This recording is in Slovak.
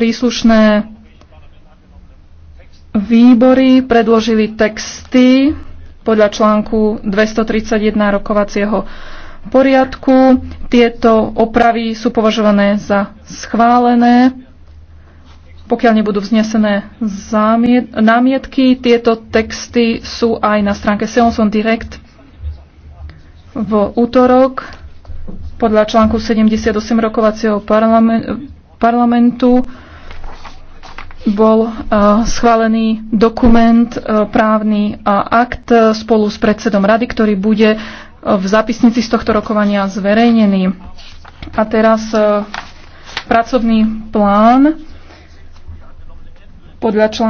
príslušné výbory predložili texty podľa článku 231 rokovacieho poriadku. Tieto opravy sú považované za schválené. Pokiaľ nebudú vznesené námietky, tieto texty sú aj na stránke Seonson Direct v útorok podľa článku 78 rokovacieho parlamentu bol eh, schválený dokument, eh, právny eh, akt spolu s predsedom rady, ktorý bude v zápisnici z tohto rokovania zverejnený. A teraz pracovný plán podľa článku